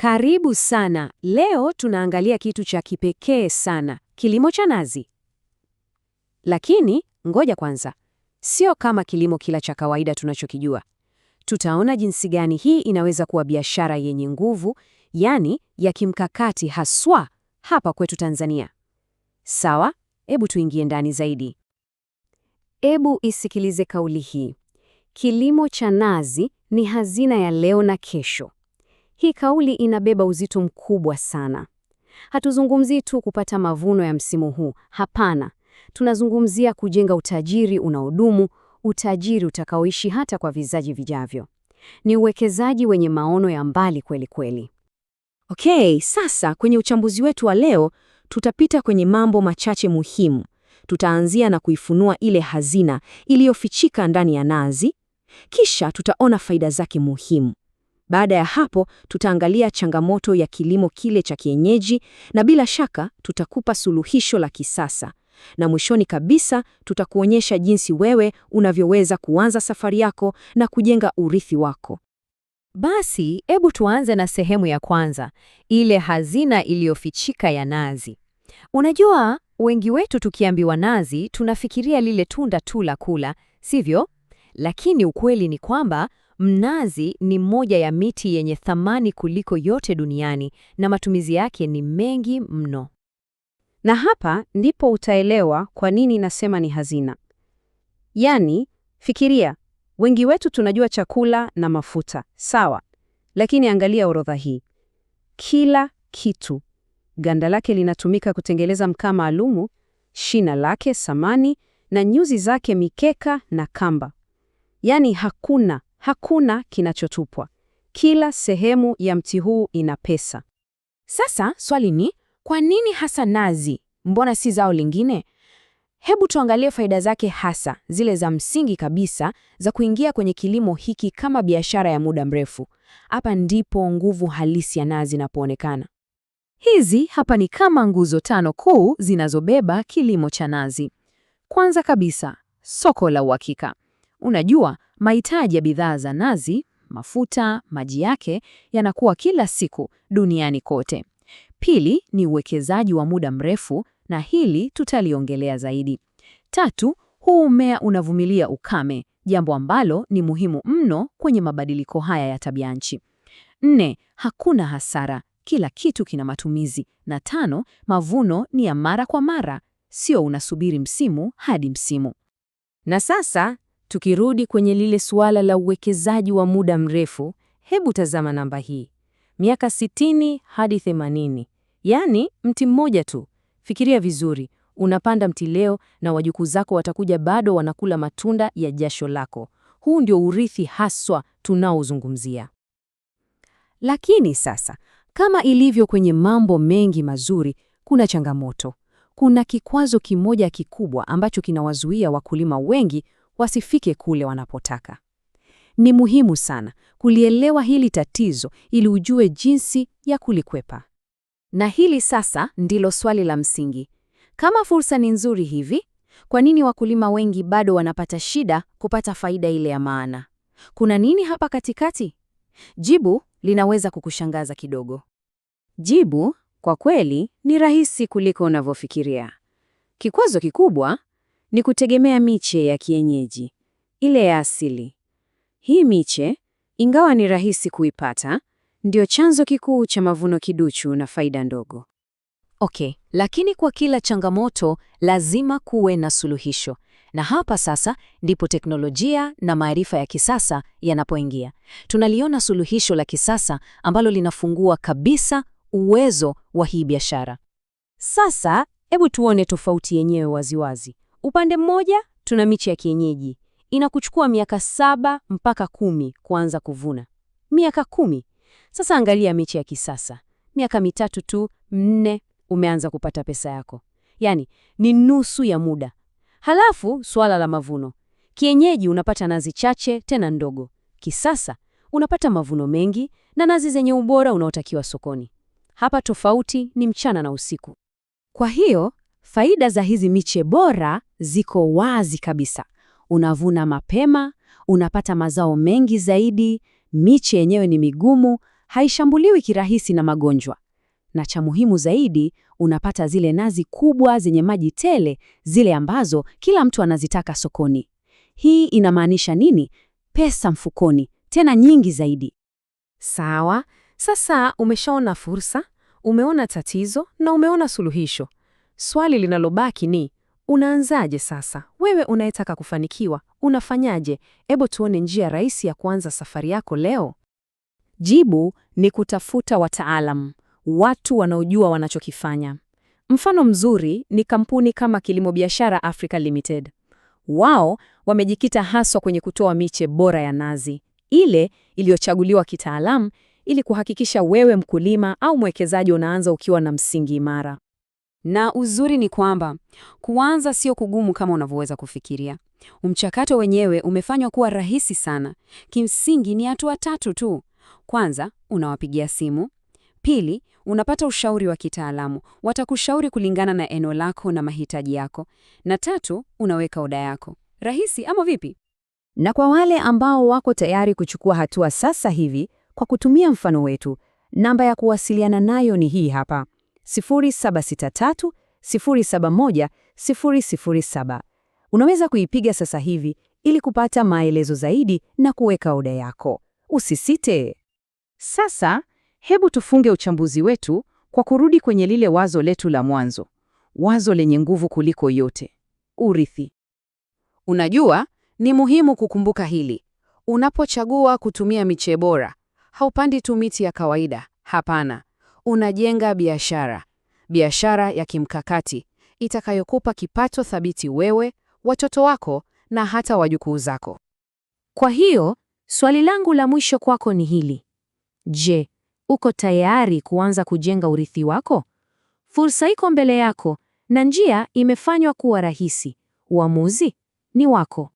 Karibu sana. Leo tunaangalia kitu cha kipekee sana, kilimo cha nazi. Lakini ngoja kwanza, sio kama kilimo kila cha kawaida tunachokijua. Tutaona jinsi gani hii inaweza kuwa biashara yenye nguvu, yaani ya kimkakati, haswa hapa kwetu Tanzania. Sawa, hebu tuingie ndani zaidi. Hebu isikilize kauli hii: kilimo cha nazi ni hazina ya leo na kesho. Hii kauli inabeba uzito mkubwa sana. Hatuzungumzii tu kupata mavuno ya msimu huu, hapana. Tunazungumzia kujenga utajiri unaodumu, utajiri utakaoishi hata kwa vizazi vijavyo. Ni uwekezaji wenye maono ya mbali kweli kweli. Okay, sasa kwenye uchambuzi wetu wa leo tutapita kwenye mambo machache muhimu. Tutaanzia na kuifunua ile hazina iliyofichika ndani ya nazi, kisha tutaona faida zake muhimu. Baada ya hapo tutaangalia changamoto ya kilimo kile cha kienyeji na bila shaka tutakupa suluhisho la kisasa. Na mwishoni kabisa tutakuonyesha jinsi wewe unavyoweza kuanza safari yako na kujenga urithi wako. Basi hebu tuanze na sehemu ya kwanza, ile hazina iliyofichika ya nazi. Unajua, wengi wetu tukiambiwa nazi tunafikiria lile tunda tu la kula, sivyo? Lakini ukweli ni kwamba Mnazi ni moja ya miti yenye thamani kuliko yote duniani na matumizi yake ni mengi mno. Na hapa ndipo utaelewa kwa nini nasema ni hazina. Yaani, fikiria, wengi wetu tunajua chakula na mafuta, sawa? Lakini angalia orodha hii. Kila kitu. Ganda lake linatumika kutengeleza mkaa maalumu, shina lake samani na nyuzi zake mikeka na kamba. Yaani hakuna Hakuna kinachotupwa. Kila sehemu ya mti huu ina pesa. Sasa swali ni kwa nini hasa nazi? Mbona si zao lingine? Hebu tuangalie faida zake hasa, zile za msingi kabisa za kuingia kwenye kilimo hiki kama biashara ya muda mrefu. Hapa ndipo nguvu halisi ya nazi inapoonekana. Hizi hapa ni kama nguzo tano kuu zinazobeba kilimo cha nazi. Kwanza kabisa, soko la uhakika. Unajua, Mahitaji ya bidhaa za nazi, mafuta, maji yake yanakuwa kila siku duniani kote. Pili ni uwekezaji wa muda mrefu, na hili tutaliongelea zaidi. Tatu, huu mmea unavumilia ukame, jambo ambalo ni muhimu mno kwenye mabadiliko haya ya tabianchi. Nne, hakuna hasara, kila kitu kina matumizi. Na tano, mavuno ni ya mara kwa mara, sio unasubiri msimu hadi msimu. Na sasa Tukirudi kwenye lile suala la uwekezaji wa muda mrefu, hebu tazama namba hii, miaka 60 hadi 80, yaani mti mmoja tu. Fikiria vizuri, unapanda mti leo na wajukuu zako watakuja bado wanakula matunda ya jasho lako. Huu ndio urithi haswa tunaozungumzia. Lakini sasa, kama ilivyo kwenye mambo mengi mazuri, kuna changamoto. Kuna kikwazo kimoja kikubwa ambacho kinawazuia wakulima wengi wasifike kule wanapotaka. Ni muhimu sana kulielewa hili tatizo ili ujue jinsi ya kulikwepa. Na hili sasa ndilo swali la msingi. Kama fursa ni nzuri hivi, kwa nini wakulima wengi bado wanapata shida kupata faida ile ya maana? Kuna nini hapa katikati? Jibu linaweza kukushangaza kidogo. Jibu kwa kweli ni rahisi kuliko unavyofikiria. Kikwazo kikubwa ni kutegemea miche ya kienyeji, ile ya asili. Hii miche, ingawa ni rahisi kuipata, ndio chanzo kikuu cha mavuno kiduchu na faida ndogo. Okay, lakini kwa kila changamoto lazima kuwe na suluhisho. Na hapa sasa ndipo teknolojia na maarifa ya kisasa yanapoingia. Tunaliona suluhisho la kisasa ambalo linafungua kabisa uwezo wa hii biashara. Sasa hebu tuone tofauti yenyewe waziwazi. Upande mmoja tuna miche ya kienyeji inakuchukua miaka saba mpaka kumi kuanza kuvuna. Miaka kumi! Sasa angalia miche ya kisasa, miaka mitatu tu nne, umeanza kupata pesa yako, yaani ni nusu ya muda. Halafu suala la mavuno. Kienyeji unapata nazi chache tena ndogo, kisasa unapata mavuno mengi na nazi zenye ubora unaotakiwa sokoni. Hapa tofauti ni mchana na usiku. Kwa hiyo faida za hizi miche bora ziko wazi kabisa. Unavuna mapema, unapata mazao mengi zaidi, miche yenyewe ni migumu, haishambuliwi kirahisi na magonjwa, na cha muhimu zaidi, unapata zile nazi kubwa zenye maji tele, zile ambazo kila mtu anazitaka sokoni. Hii inamaanisha nini? Pesa mfukoni, tena nyingi zaidi. Sawa, sasa umeshaona fursa, umeona tatizo na umeona suluhisho. Swali linalobaki ni Unaanzaje sasa? Wewe unayetaka kufanikiwa, unafanyaje? Hebu tuone njia rahisi ya kuanza safari yako leo. Jibu ni kutafuta wataalam, watu wanaojua wanachokifanya. Mfano mzuri ni kampuni kama Kilimo Biashara Africa Limited. Wao wamejikita haswa kwenye kutoa miche bora ya nazi, ile iliyochaguliwa kitaalamu ili kuhakikisha wewe mkulima au mwekezaji unaanza ukiwa na msingi imara. Na uzuri ni kwamba kuanza sio kugumu kama unavyoweza kufikiria. Mchakato wenyewe umefanywa kuwa rahisi sana. Kimsingi ni hatua tatu tu. Kwanza, unawapigia simu. Pili, unapata ushauri wa kitaalamu, watakushauri kulingana na eneo lako na mahitaji yako. Na tatu, unaweka oda yako. Rahisi ama vipi? Na kwa wale ambao wako tayari kuchukua hatua sasa hivi, kwa kutumia mfano wetu, namba ya kuwasiliana nayo ni hii hapa. 0763 071 007. Unaweza kuipiga sasa hivi ili kupata maelezo zaidi na kuweka oda yako. Usisite. Sasa hebu tufunge uchambuzi wetu kwa kurudi kwenye lile wazo letu la mwanzo, wazo lenye nguvu kuliko yote, urithi. Unajua, ni muhimu kukumbuka hili. Unapochagua kutumia miche bora, haupandi tu miti ya kawaida. Hapana, unajenga biashara, biashara ya kimkakati itakayokupa kipato thabiti wewe, watoto wako na hata wajukuu zako. Kwa hiyo swali langu la mwisho kwako ni hili: je, uko tayari kuanza kujenga urithi wako? Fursa iko mbele yako na njia imefanywa kuwa rahisi. Uamuzi ni wako.